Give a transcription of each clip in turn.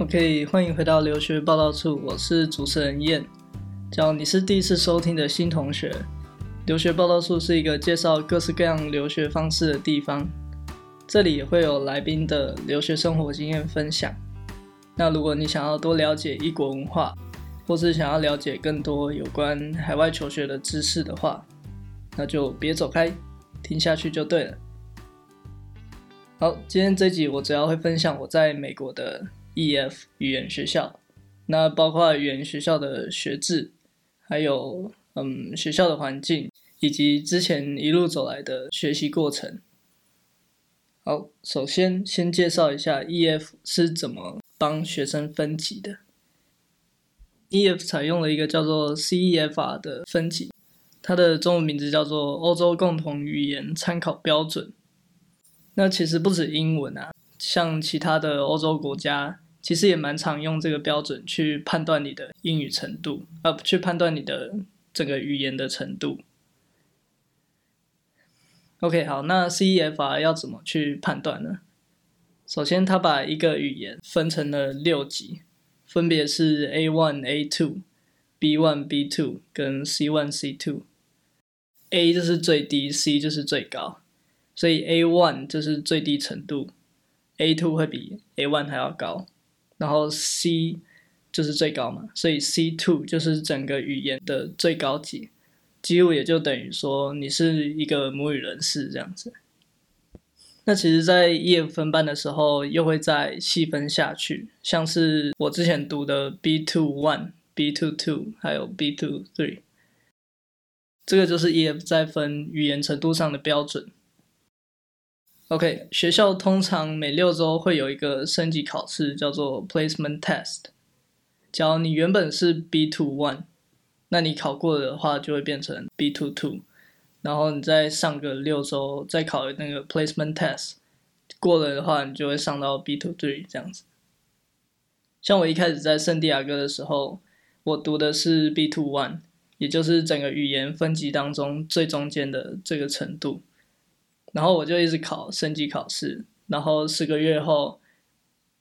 OK，歡迎回到留學報道處，我是主持人燕。只要你是第一次收聽的新同學，留學報道處是一個介紹各式各樣留學方式的地方，這裡也會有來賓的留學生活經驗分享。那如果你想要多了解異國文化，或是想要了解更多有關海外求學的知識的話，那就別走開，聽下去就對了。好，今天這集我主要會分享我在美國的。EF 語言學校，那包括語言學校的學制，還有嗯學校的環境，以及之前一路走來的學習過程。好，首先先介紹一下 EF 是怎麼幫學生分級的。EF 採用了一個叫做 CEFR 的分級，它的中文名字叫做歐洲共同語言參考標準。那其實不止英文啊，像其他的歐洲國家。其實也蠻常用這個標準去判斷你的英語程度，呃，去判斷你的這個語言的程度。OK，好，那 CEFR 要怎麼去判斷呢？首先，他把一個語言分成了六級，分別是 A1、A2、B1、B2 跟 C1、C2。A 就是最低，C 就是最高。所以 A1 就是最低程度，A2 會比 A1 還要高。然後 C 就是最高嘛，所以 C two 就是整個語言的最高級，幾乎也就等於說你是一個母語人士這樣子。那其實，在 EF 分班的時候，又會再細分下去，像是我之前讀的 B two one、B two two、還有 B two three，這個就是 EF 在分語言程度上的標準。OK，學校通常每六週會有一個升級考試，叫做 placement test。假如你原本是 B two one，那你考過了的話就會變成 B two two，然後你再上個六週再考那個 placement test，過了的話你就會上到 B two three 這樣子。像我一開始在聖地亞哥的時候，我讀的是 B two one，也就是整個語言分級當中最中間的這個程度。然後我就一直考升級考試，然後四個月後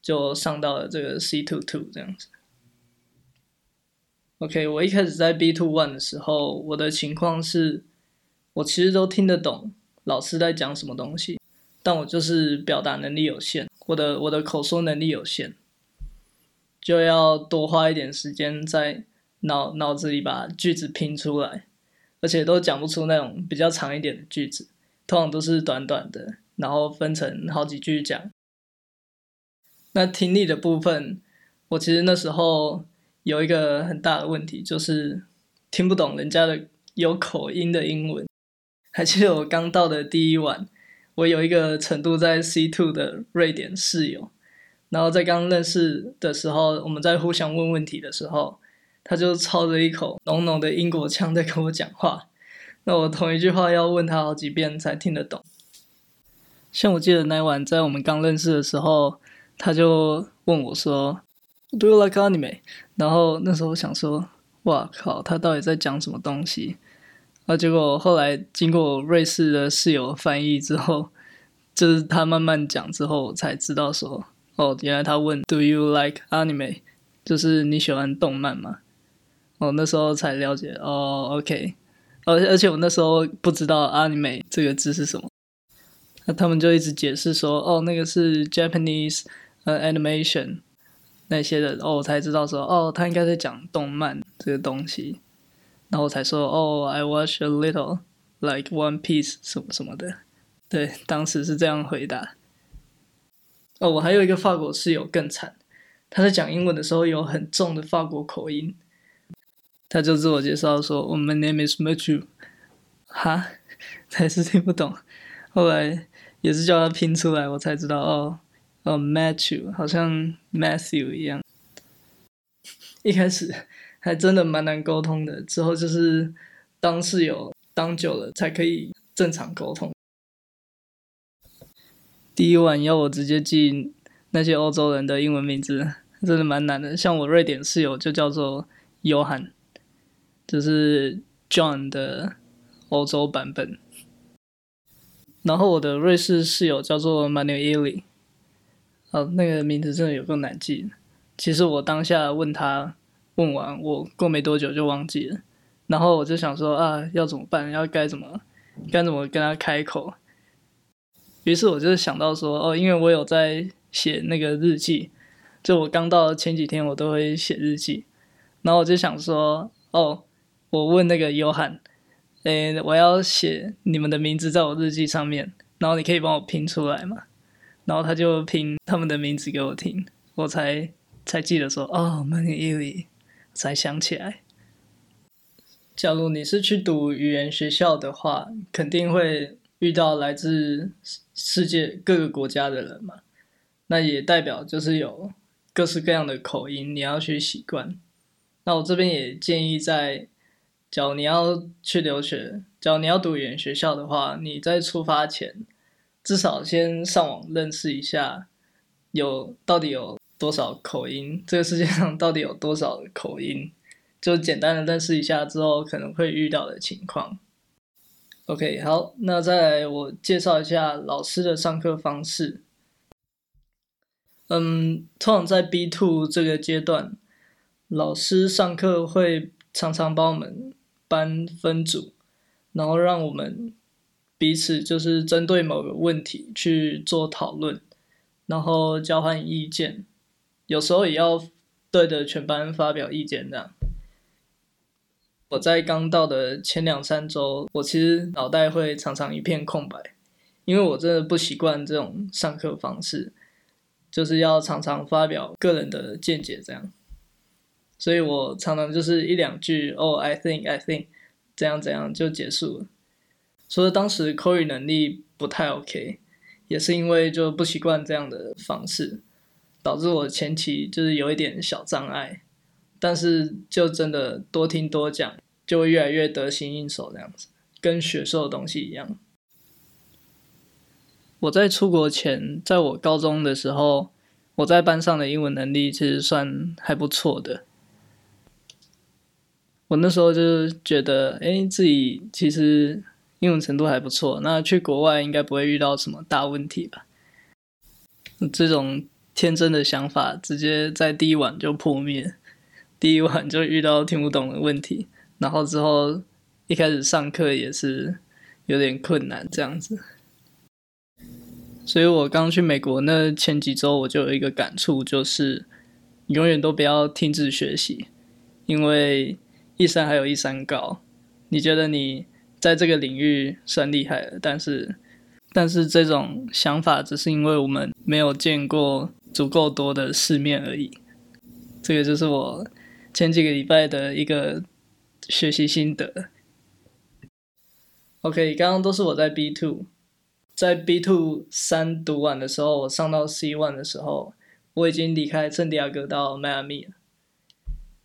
就上到了這個 C two two 這樣子。OK，我一開始在 B two one 的時候，我的情況是，我其實都聽得懂老師在講什麼東西，但我就是表達能力有限，我的我的口說能力有限，就要多花一點時間在腦腦子裡把句子拼出來，而且都講不出那種比較長一點的句子。通常都是短短的，然後分成好幾句講。那聽力的部分，我其實那時候有一個很大的問題，就是聽不懂人家的有口音的英文。還記得我剛到的第一晚，我有一個程度在 C2 的瑞典室友，然後在剛剛認識的時候，我們在互相問問題的時候，他就操着一口濃濃的英國腔在跟我講話。那我同一句話要問他好幾遍才聽得懂。像我記得那一晚在我們剛認識的時候，他就問我說：“Do you like anime？” 然後那時候我想說：“哇靠，他到底在講什麼東西？”然後、啊、結果後來經過瑞士的室友翻譯之後，就是他慢慢講之後，我才知道說：“哦，原來他問 ‘Do you like anime’，就是你喜歡動漫嗎？”哦，那時候才了解哦、oh，OK。而、哦、而且我那時候不知道 “anime” 這個字是什麼，那、啊、他們就一直解釋說：“哦，那個是 Japanese 呃、uh, animation 那些的。”哦，我才知道說：“哦，他應該在講動漫這個東西。”然後我才說：“哦，I watch a little like One Piece 什麼什麼的。”對，當時是這樣回答。哦，我還有一個法國室友更慘，他在講英文的時候有很重的法國口音。他就自我介紹說，Oh, My name is Matthew。哈，還是聽不懂。後來也是叫他拼出來，我才知道哦，哦，Matthew，好像 Matthew 一樣。 一開始還真的蠻難溝通的，之後就是當室友當久了才可以正常溝通。第一晚要我直接記那些歐洲人的英文名字，真的蠻難的。像我瑞典室友就叫做約翰。這是 John 的歐洲版本。然後我的瑞士室友叫做 Manueli，哦，那個名字真的有夠難記。其實我當下問他，問完我過沒多久就忘記了。然後我就想說啊，要怎麼辦？要該怎麼？該怎麼跟他開口？於是我就想到說，哦，因為我有在寫那個日記，就我剛到前幾天我都會寫日記。然後我就想說，哦。我問那個約翰，誒、欸，我要寫你們的名字在我日記上面，然後你可以幫我拼出來嗎？然後他就拼他們的名字給我聽，我才才記得說哦，Manuel，才想起來。假如你是去讀語言學校的話，肯定會遇到來自世界各個國家的人嘛，那也代表就是有各式各樣的口音，你要去習慣。那我這邊也建議在。假如你要去留學，假如你要讀語言學校的話，你在出發前，至少先上網認識一下有，有到底有多少口音，這個世界上到底有多少口音，就簡單的認識一下之後可能會遇到的情況。OK，好，那再來我介紹一下老師的上課方式。嗯，通常在 B two 這個階段，老師上課會常常幫我們班分組，然後讓我們彼此就是針對某個問題去做討論，然後交換意見，有時候也要對着全班發表意見。這樣，我在剛到的前兩三周，我其實腦袋會常常一片空白，因為我真的不習慣這種上課方式，就是要常常發表個人的見解這樣。所以我常常就是一兩句哦，I think，I think，怎樣怎樣就結束了。所以當時口語能力不太 OK，也是因為就不習慣這樣的方式，導致我前期就是有一點小障礙。但是就真的多聽多講，就會越來越得心應手這樣子，跟學說的東西一樣。我在出國前，在我高中的時候，我在班上的英文能力其實算還不錯的。我那時候就是覺得，哎、欸，自己其實英文程度還不錯，那去國外應該不會遇到什麼大問題吧？這種天真的想法直接在第一晚就破滅，第一晚就遇到聽不懂的問題，然後之後一開始上課也是有點困難這樣子。所以我剛去美國那前幾周，我就有一個感觸，就是永遠都不要停止學習，因為，一山還有—一山高，你覺得你在這個領域算厲害了，但是，但是這種想法只是因為我們沒有見過足夠多的世面而已。這個就是我前幾個禮拜的一個學習心得。OK，剛剛都是我在 B two，在 B two 三讀完的時候，我上到 C one 的時候，我已經離開聖地亞哥到邁阿密了。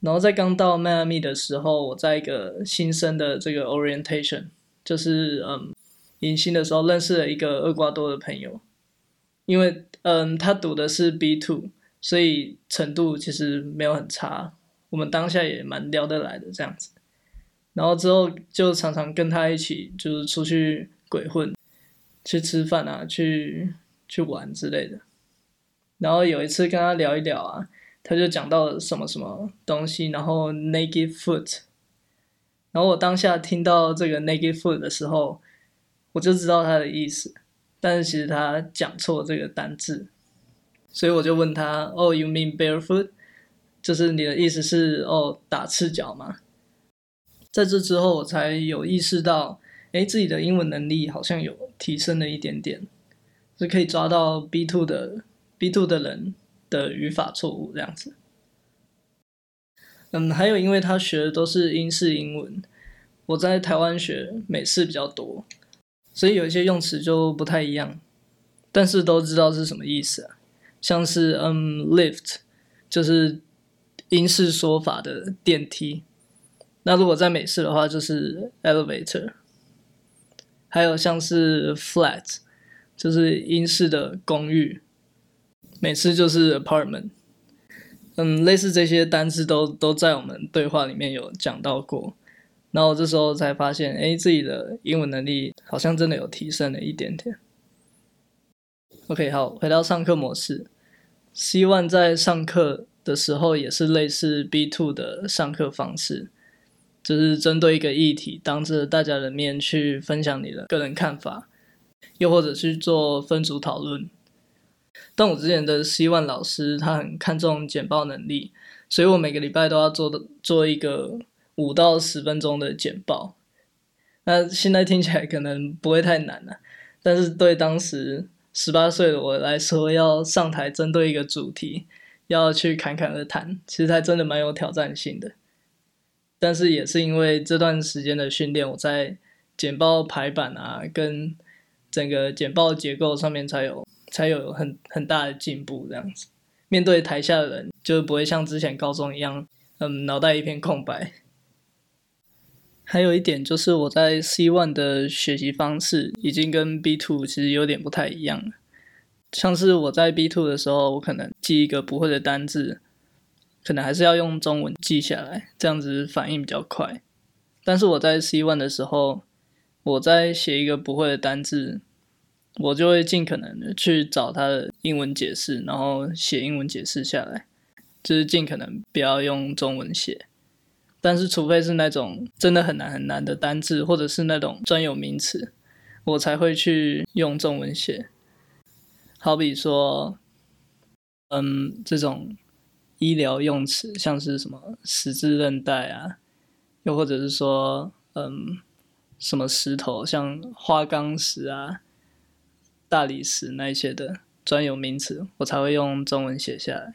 然後在剛到邁阿密的時候，我在一個新生的這個 orientation，就是嗯迎新的時候，認識了一個厄瓜多的朋友，因為嗯他讀的是 B two，所以程度其實沒有很差，我們當下也蠻聊得來的這樣子，然後之後就常常跟他一起就是出去鬼混，去吃飯啊，去去玩之類的，然後有一次跟他聊一聊啊。他就講到了什麼什麼東西，然後 naked foot，然後我當下聽到這個 naked foot 的時候，我就知道他的意思，但是其實他講錯了這個單字，所以我就問他，哦，oh,you mean barefoot？就是你的意思是哦，oh, 打赤腳嗎？在這之後，我才有意識到，哎，自己的英文能力好像有提升了一點點，是可以抓到 B two 的 B two 的人的語法錯誤這樣子，嗯，還有，因為他學的都是英式英文，我在台灣學美式比較多，所以有一些用詞就不太一樣，但是都知道是什麼意思啊，像是嗯，um, lift 就是英式說法的電梯，那如果在美式的話就是 elevator，還有像是 flat 就是英式的公寓。每次就是 apartment，嗯，類似這些單字都都在我們對話裡面有講到過，然後我這時候才發現，哎、欸，自己的英文能力好像真的有提升了一點點。OK，好，回到上課模式，C1 在上課的時候也是類似 B2 的上課方式，就是針對一個議題，當着大家的面去分享你的個人看法，又或者去做分組討論。但我之前的 C1 老師他很看重簡報能力，所以我每個禮拜都要做做一個五到十分鐘的簡報。那現在聽起來可能不會太難了啊，但是對當時十八歲的我來說，要上台針對一個主題要去侃侃而談，其實還真的蠻有挑戰性的。但是也是因為這段時間的訓練，我在簡報排版啊，跟整個簡報結構上面才有才有很很大的進步，這樣子面對台下的人就不會像之前高中一樣，嗯，腦袋一片空白。還有一點就是我在 C1 的學習方式已經跟 B2 其實有點不太一樣了。像是我在 B2 的時候，我可能記一個不會的單字，可能還是要用中文記下來，這樣子反應比較快。但是我在 C1 的時候，我在寫一個不會的單字，我就會盡可能的去找他的英文解釋，然後寫英文解釋下來，就是盡可能不要用中文寫。但是，除非是那種真的很難很難的單字，或者是那種專有名詞，我才會去用中文寫。好比說，嗯，這種醫療用詞，像是什麼十字韌帶啊，又或者是說，嗯，什麼石頭，像花崗石啊。大理石那一些的專有名詞，我才會用中文寫下來，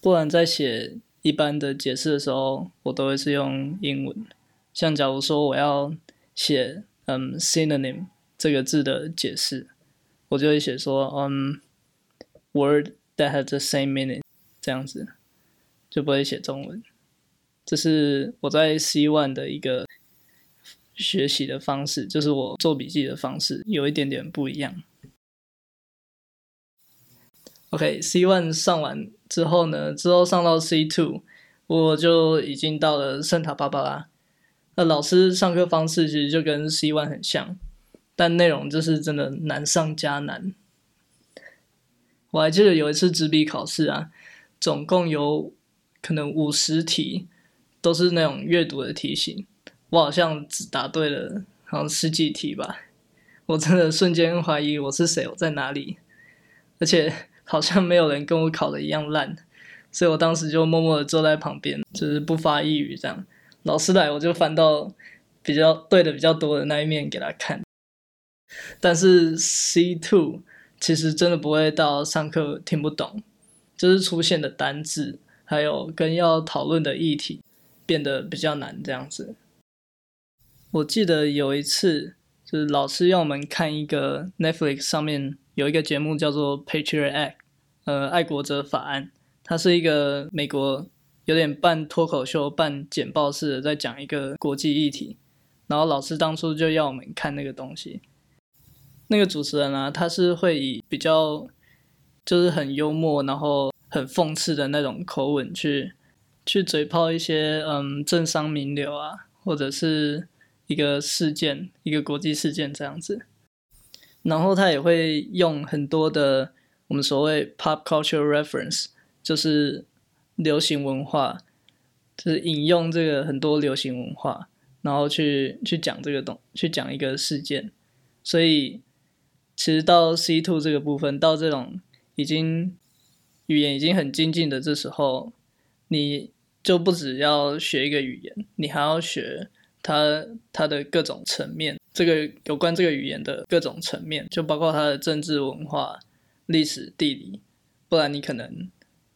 不然在寫一般的解釋的時候，我都會是用英文。像假如說我要寫“嗯、um, synonym” 這個字的解釋，我就會寫說“嗯、um, word that has the same meaning” 這樣子，就不會寫中文。這是我在 one 的一個。學習的方式，就是我做筆記的方式有一點點不一樣。OK，C one 上完之後呢，之後上到 C two，我就已經到了聖塔芭芭拉。那老師上課方式其實就跟 C one 很像，但內容就是真的難上加難。我還記得有一次紙筆考試啊，總共有可能五十題，都是那種閱讀的題型。我好像只答對了好像十幾題吧，我真的瞬間懷疑我是誰，我在哪裡，而且好像沒有人跟我考的一樣爛，所以我當時就默默的坐在旁邊，就是不發一語這樣。老師來，我就翻到比較對的比較多的那一面給他看。但是 C2 其實真的不會到上課聽不懂，就是出現的單字還有跟要討論的議題變得比較難這樣子。我記得有一次，就是老師要我們看一個 Netflix 上面有一個節目叫做《Patriot Act》，呃，愛國者法案。它是一個美國有點半脫口秀、半簡報式的，在講一個國際議題。然後老師當初就要我們看那個東西。那個主持人啊，他是會以比較，就是很幽默，然後很諷刺的那種口吻去，去嘴炮一些嗯政商名流啊，或者是。一個事件，一個國際事件這樣子，然後他也會用很多的我們所謂 pop culture reference，就是流行文化，就是引用這個很多流行文化，然後去去講這個東，去講一個事件。所以其實到 C2 這個部分，到這種已經語言已經很精進的這時候，你就不只要學一個語言，你還要學。它它的各種層面，這個有關這個語言的各種層面，就包括它的政治、文化、歷史、地理，不然你可能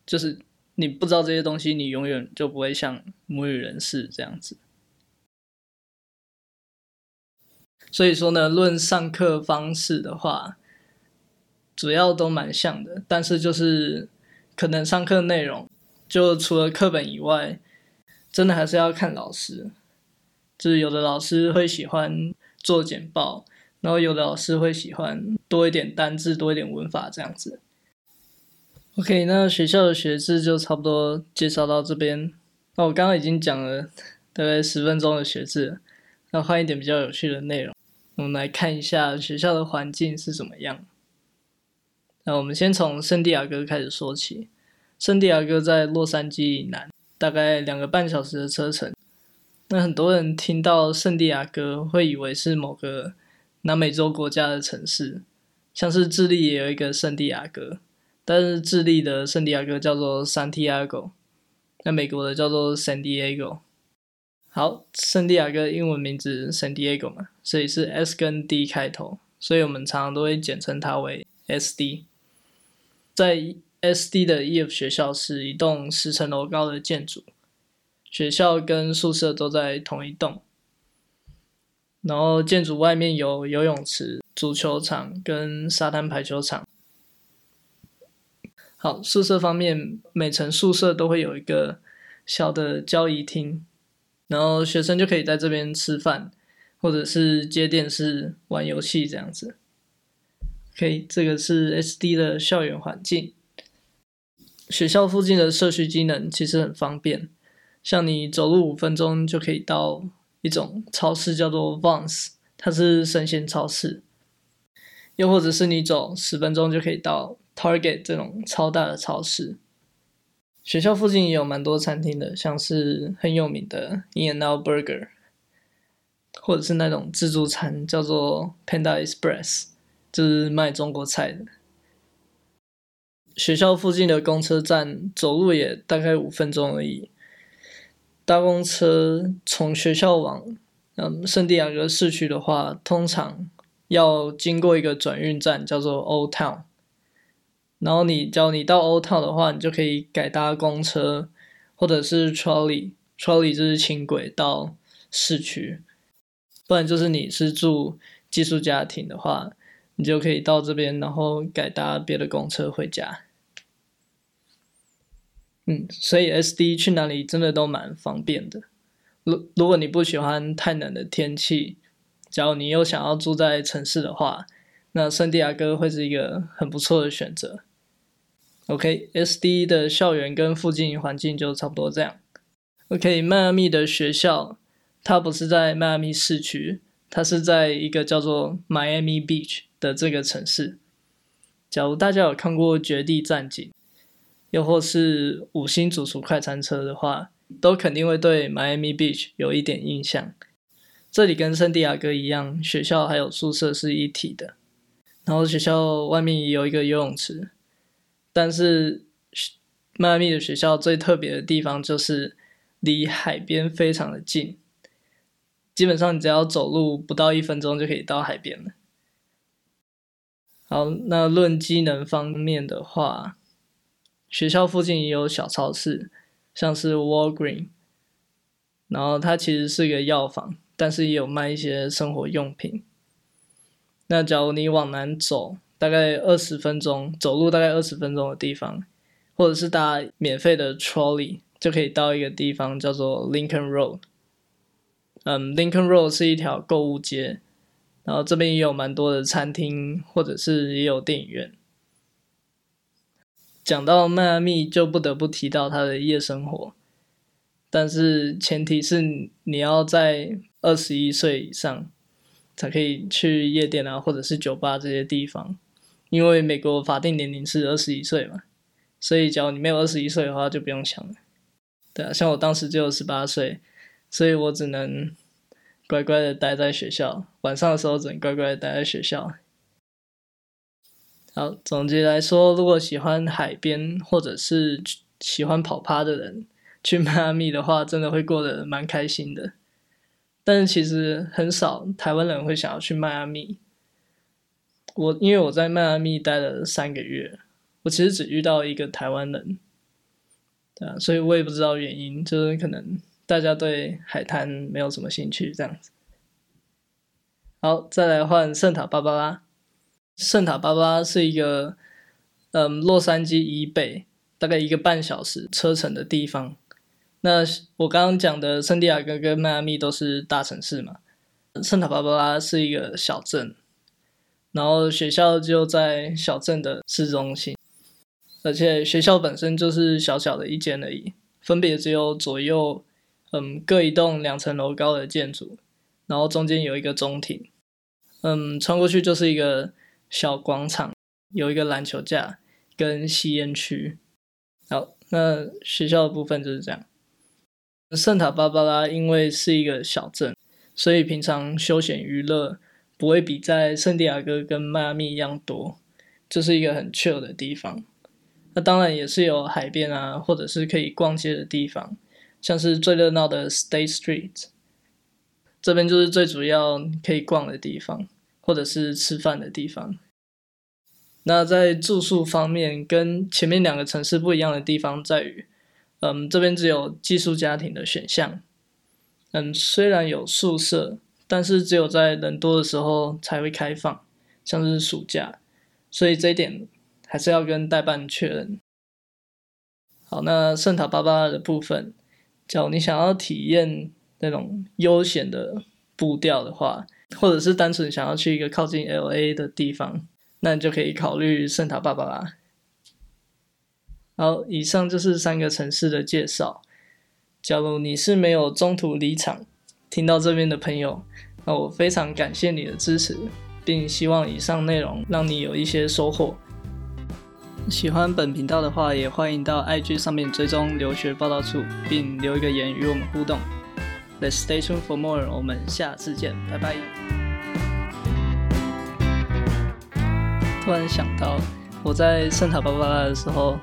就是你不知道這些東西，你永遠就不會像母語人士這樣子。所以說呢，論上課方式的話，主要都蠻像的，但是就是可能上課內容，就除了課本以外，真的還是要看老師。就是有的老師會喜歡做簡報，然後有的老師會喜歡多一點單字，多一點文法這樣子。OK，那學校的學制就差不多介紹到這邊。那我剛剛已經講了大概十分鐘的學制，那換一點比較有趣的內容，我們來看一下學校的環境是怎麼樣。那我們先從聖地亞哥開始說起。聖地亞哥在洛杉磯以南，大概兩個半小時的車程。那很多人聽到聖地亞哥會以為是某個南美洲國家的城市，像是智利也有一個聖地亞哥，但是智利的聖地亞哥叫做 Santiago，那美國的叫做 San Diego。好，聖地亞哥英文名字 San Diego 嘛，所以是 S 跟 D 開頭，所以我們常常都會簡稱它為 SD。在 SD 的 EF 學校是一棟十層樓高的建築。學校跟宿舍都在同一棟，然後建築外面有游泳池、足球場跟沙灘排球場。好，宿舍方面，每層宿舍都會有一個小的交誼廳，然後學生就可以在這邊吃飯，或者是接電視、玩遊戲這樣子。OK，這個是 SD 的校園環境。學校附近的社區機能其實很方便。像你走路五分鐘就可以到一種超市，叫做 Vons，它是生鮮超市。又或者是你走十分鐘就可以到 Target 這種超大的超市。學校附近也有蠻多餐廳的，像是很有名的 In-N-Out Burger，或者是那種自助餐叫做 Panda Express，就是賣中國菜的。學校附近的公車站走路也大概五分鐘而已。搭公車從學校往嗯聖地亞哥市區的話，通常要經過一個轉運站叫做 Old Town，然後你只要你到 Old Town 的話，你就可以改搭公車，或者是 Trolley，Trolley 就是輕軌到市區，不然就是你是住寄宿家庭的話，你就可以到這邊，然後改搭別的公車回家。嗯，所以 S D 去哪裡真的都蠻方便的。如如果你不喜歡太冷的天氣，假如你又想要住在城市的話，那聖地亞哥會是一個很不錯的選擇。OK，S D 的校園跟附近環境就差不多這樣。OK，邁阿密的學校它不是在邁阿密市區，它是在一個叫做 Miami Beach 的這個城市。假如大家有看過《絕地戰警》。又或是五星主廚快餐車的話，都肯定會對 Miami Beach 有一點印象。這裡跟聖地亞哥一樣，學校還有宿舍是一體的，然後學校外面也有一個游泳池。但是，邁阿密的學校最特別的地方就是離海邊非常的近，基本上你只要走路不到一分鐘就可以到海邊了。好，那論機能方面的話。學校附近也有小超市，像是 Walgreen，然後它其實是一個藥房，但是也有賣一些生活用品。那假如你往南走，大概二十分鐘，走路大概二十分鐘的地方，或者是搭免費的 trolley，就可以到一個地方叫做 Lincoln Road。嗯，um，Lincoln Road 是一條購物街，然後這邊也有蠻多的餐廳，或者是也有電影院。講到邁阿密，就不得不提到他的夜生活，但是前提是你要在二十一歲以上，才可以去夜店啊，或者是酒吧這些地方，因為美國法定年齡是二十一歲嘛，所以只要你沒有二十一歲的話，就不用想了。對啊，像我當時只有十八歲，所以我只能乖乖的待在學校，晚上的時候只能乖乖的待在學校。好，總結來說，如果喜歡海邊或者是喜歡跑趴的人去邁阿密的話，真的會過得蠻開心的。但是其實很少台灣人會想要去邁阿密。我因為我在邁阿密待了三個月，我其實只遇到一個台灣人，對啊，所以我也不知道原因，就是可能大家對海灘沒有什麼興趣這樣子。好，再來換聖塔芭芭拉。聖塔芭芭拉是一個，嗯，洛杉磯以北大概一個半小時車程的地方。那我剛剛講的聖地亞哥跟邁阿密都是大城市嘛，嗯、聖塔芭芭拉是一個小鎮，然後學校就在小鎮的市中心，而且學校本身就是小小的一間而已，分別只有左右，嗯，各一棟兩層樓高的建築，然後中間有一個中庭，嗯，穿過去就是一個。小廣場有一個籃球架跟吸菸區，好，那學校的部分就是這樣。聖塔芭芭拉因為是一個小鎮，所以平常休閒娛樂不會比在聖地亞哥跟邁阿密一樣多，這、就是一個很 chill 的地方。那當然也是有海邊啊，或者是可以逛街的地方，像是最熱鬧的 State Street，這邊就是最主要可以逛的地方。或者是吃飯的地方。那在住宿方面，跟前面兩個城市不一樣的地方在於，嗯，這邊只有寄宿家庭的選項。嗯，雖然有宿舍，但是只有在人多的時候才會開放，像是暑假，所以這一點還是要跟代辦確認。好，那聖塔巴巴的部分，只要你想要體驗那種悠閒的步調的話，或者是單純想要去一個靠近 LA 的地方，那你就可以考慮聖塔芭芭拉。好，以上就是三個城市的介紹。假如你是沒有中途離場聽到這邊的朋友，那我非常感謝你的支持，並希望以上內容讓你有一些收穫。喜歡本頻道的話，也歡迎到 IG 上面追蹤留學報道處，並留一個言與我們互動。Let's stay tuned for more. 我們下次見，拜拜。突然想到，我在聖塔芭芭拉的時候，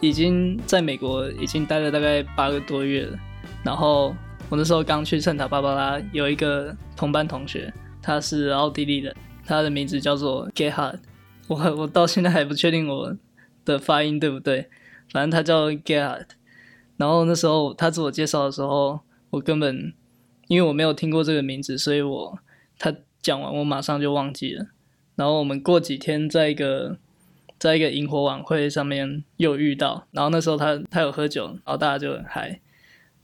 已經在美國已經待了大概八個多月了。然後我那時候剛去聖塔芭芭拉，有一個同班同學，他是奧地利的，他的名字叫做 Get Hard。我我到現在還不確定我的發音對不對，反正他叫 Get Hard。然後那時候他自我介紹的時候。我根本，因為我沒有聽過這個名字，所以我他講完我馬上就忘記了。然後我們過幾天在一個，在一個螢火晚會上面又遇到，然後那時候他他有喝酒，然後大家就很嗨，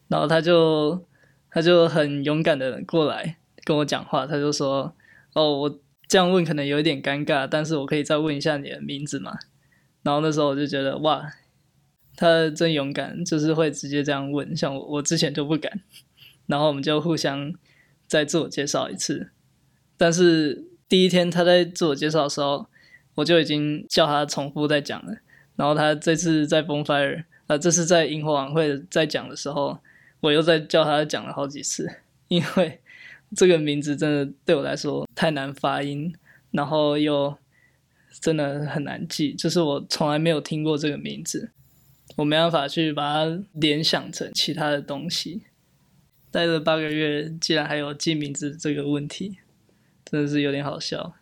然後他就他就很勇敢的過來跟我講話，他就說：“哦，我這樣問可能有點尷尬，但是我可以再問一下你的名字嗎？”然後那時候我就覺得哇。他真勇敢，就是會直接這樣問。像我，我之前就不敢。然後我們就互相再自我介紹一次。但是第一天他在自我介紹的時候，我就已經叫他重複再講了。然後他這次在 Bonfire，啊，這次在營火晚會再講的時候，我又再叫他講了好幾次。因為這個名字真的對我來說太難發音，然後又真的很難記，就是我從來沒有聽過這個名字。我沒辦法去把它聯想成其他的東西，待了八個月，竟然還有記名字這個問題，真的是有點好笑。